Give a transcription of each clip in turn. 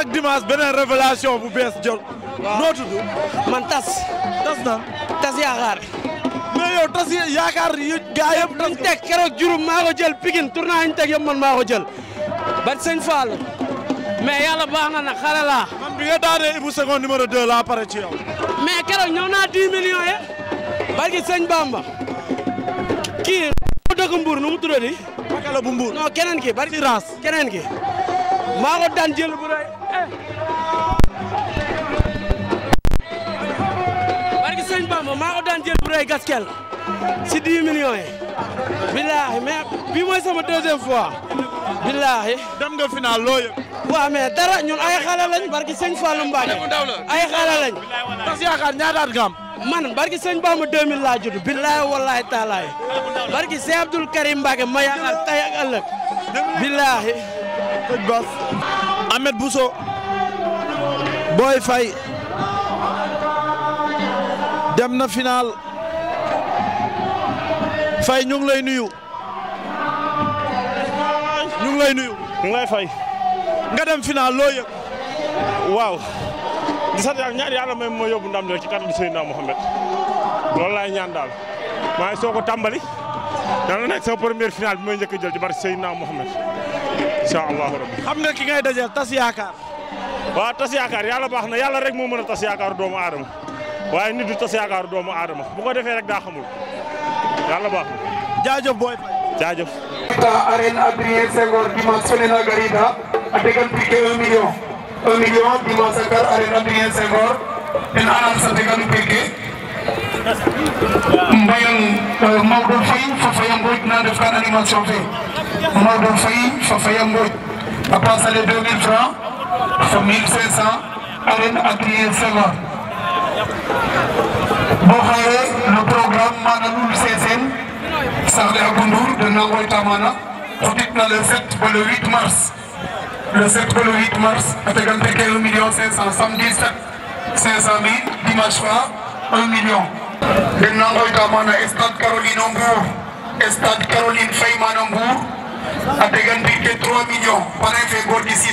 chaque dimanche beneen révélation bu bees jot. waaw noo tudd. man tas. tas na tas yaakaar. mais yow tas yaakaar yi gaa yëpp tas. teg keroog juróom maa jël Pikine tournoi ñu teg yëpp man maa jël. ba sëñ Fall. mais yàlla baax na nag xale laa. man bi nga daanee Ibou Second numéro 2 laa pare ci yow. mais keroog ñëw naa 10 millions ye. barki sëñ Bamba. kii moo dëkk nu mu tuddati. Pakala bu Mbour. ki jël ma maa ko daan jël gaskel si 10 yi. billaahi mais bii mooy sama deuxième fois. billaahi. dem nga final loo yëg. waaw mais dara ñun ay xale lañ barki sëñ Fallou Mbacke ay xale lañ. tas yaakaar ñaata at nga am. man barki sëñ Bamba 2000 laa judd billaahi wallaahi taalaay barki sëñ Abdoul Karim Mbacke ma yaakaar tey ak ëllëg. billaahi. Ahmed Bousso. Boy Faye. dem na final Faye ñu ngi lay nuyu. ñu ngi lay nuyu. fay. nga dem final loo yëg. waaw. di sant yàlla ñaar yàlla may ma yóbbu ndam rek ci kàttan Seydina Mohamed loolu laay ñaan daal maa ngi soo ko tàmbali dana nekk sama première finale bi may njëkk a jël ci barke Seydina Mohamed incha allahu rabbi. xam nga ki ngay dajal tas yaakaar. waaw tas yaakaar yàlla baax na yàlla rek moo mën a tas yaakaar doomu aadama. waaye nit du tas yaakaaru doomu adama bu ko defee rek daa xamul baax na. jaajëf booy jaajëf. ta arène Adrien Senghor dimanche Sonin a Garida a tegan piqué 1 million 1 million dimanche a gar arène Adrien Senghor ten anam sa tegan piqué mbayang euh, Maodo Faye fa Faye Mbodj na ndef kan animation fe Maodo boo xoolee le programme maanaam Loul Sessène Sarle ak Goundour de Nangoy Tamana na le 7 ba le 8 mars le 7 ba le 8 mars a million samedi 7 500 mille million de Nangoy Tamana stade Caroline Mbour stade Caroline Faye maanaam Mbour a tegante ke 3 millions parrain fe Gorgui Sy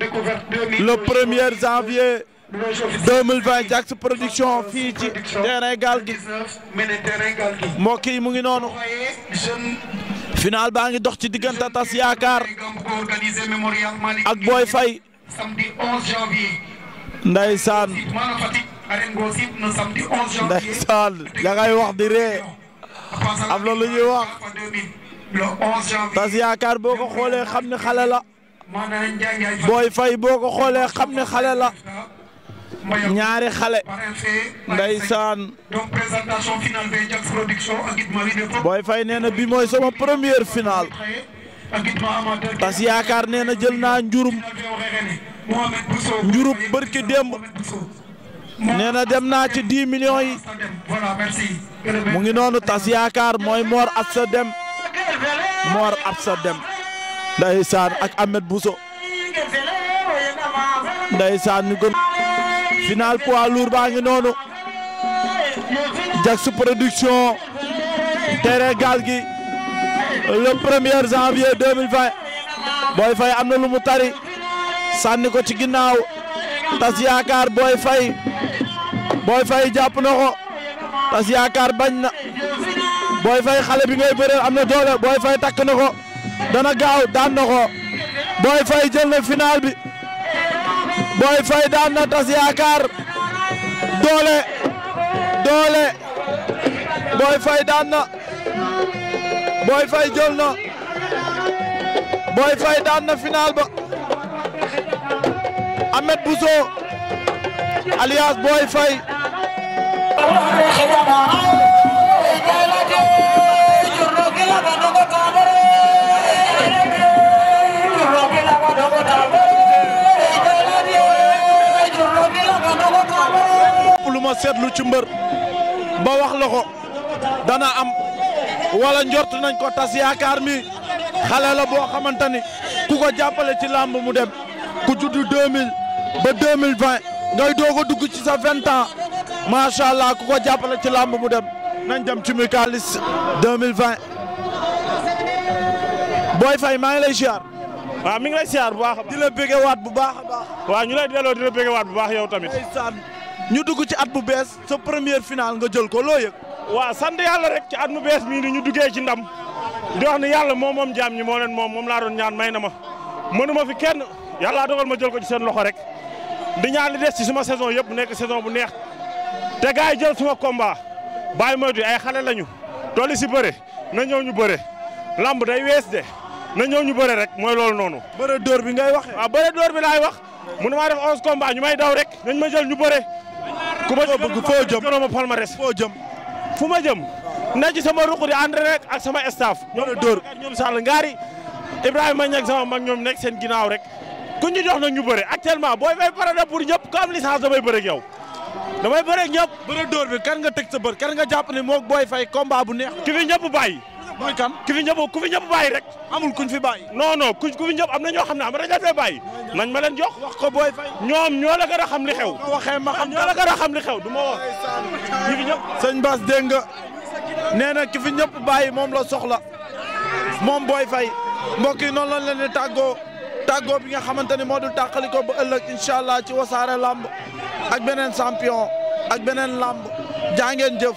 le premier janvier 2020 Diaks production fii ci terrain gaal gi mbokk yi mu ngi noonu final baa ngi dox ci diggante tas yaakaar ak booy fay ndeysaan ndeysaan ya ngay wax di ree am na lu wax tas yaakaar boo ko xoolee xam ne xale booy fay boo ko xoolee xam ne xale la ñaari xale ndeysaan booy fay nee na bi mooy sama première finale tas yaakaar nee na jël naa njurum njurub bërki démb na dem naa ci dix million yi mu ngi noonu tas yaakaar mooy Mor Absa Deme Mor sa dem ndeysaan ak Ahmed Bousso ndeysaan ñu gën final poids lourd baa ngi noonu Diaks production terrain gaal gi le premier janvier 2020 Boy am na lu mu tari sànni ko ci ginnaaw tas yaakaar Boy Faye Boy Faye jàpp na ko tas yaakaar bañ na Boy Faye xale bi ngay bëreel am na doole Boy Faye takk na ko dana gaaw daan na ko Boy Faye jël na final bi Boy Faye daan na tas yaakaar doole doole Boy Faye daan na Boy Faye jël na Boy Faye daan na final ba Ahmed Bousso alias Boy Faye lu ma seetlu ci mbër ba wax la dana am wala njort nañ ko tas yaakaar mi xale la boo xamante ni ku ko jàppale ci làmb mu dem ku juddu 2000 ba 2020 ngay doog a dugg ci sa 20 ans macha allah ku ko jàppale ci làmb mu dem nañ dem ci Mikalis 2020 Boy Faye maa ngi lay ziar. waaw mi ngi lay siyaar bu baax a baax. di la waat bu baax a baax. waaw ñu lay delloo di la bu baax yow tamit. ñu dugg ci at bu bees sa première finale nga jël ko loo yëg. waaw sant yàlla rek ci at mu bees mii ni ñu duggee ci ndam di wax ne yàlla moom moom jaam ñi moo leen moom moom laa doon ñaan may na ma mënu ma fi kenn yàlla dogal ma jël ko ci seen loxo rek di ñaan li des ci suma saison yëpp nekk saison bu neex te gars yi jël suma combat bàyyi di ay xale lañu toll si bëre na ñëw ñu bëre lamb day wees de. na ñëw ñu bëre rek mooy loolu noonu. bëre dóor bi ngay wax. waaw bëre door bi laay wax. mënu maa def onze combat ñu may daw rek. nañ ma jël ñu bëre. ku ma ci bëgg foo jëm gënoon ma palmarès. foo jëm fu ma jëm. na ci sama ruq di entraîné rek ak sama staff. bëre dóor ñoom Sall Ngari Ibrahima Niang sama mag ñoom nekk seen ginnaaw rek. ku ñu jox nag ñu bëre actuellement booy fay pare na pour ñëpp ku am licence damay bëre ak yow. damay bëre ak ñëpp. bëre dóor bi kan nga teg sa bër kan nga jàpp ne moom booy fay combat bu neex. ki fi ñëpp bàyyi mooy kan ku fi ñëpp ku fi ñëpp bàyyi rek. amul kuñ fi bàyyi. non non ku fi ñëpp am na ñoo xam ne am na dañ la nañ ma leen jox wax ko booy fay. ñoom ñoo la gën a xam li xew. waxee ma xam ñoo la gën a xam du ma wax. ñu fi ñëpp. sëñ Bass dégg nga nee na ki ñëpp bàyyi moom la soxla moom booy fay mbokk yi noonu lañ leen di tàggoo tàggoo bi nga xamante ni moo dul tàqali ko ba ëllëg incha allah ci wasaare lamb ak beneen champion ak beneen lamb jaa jëf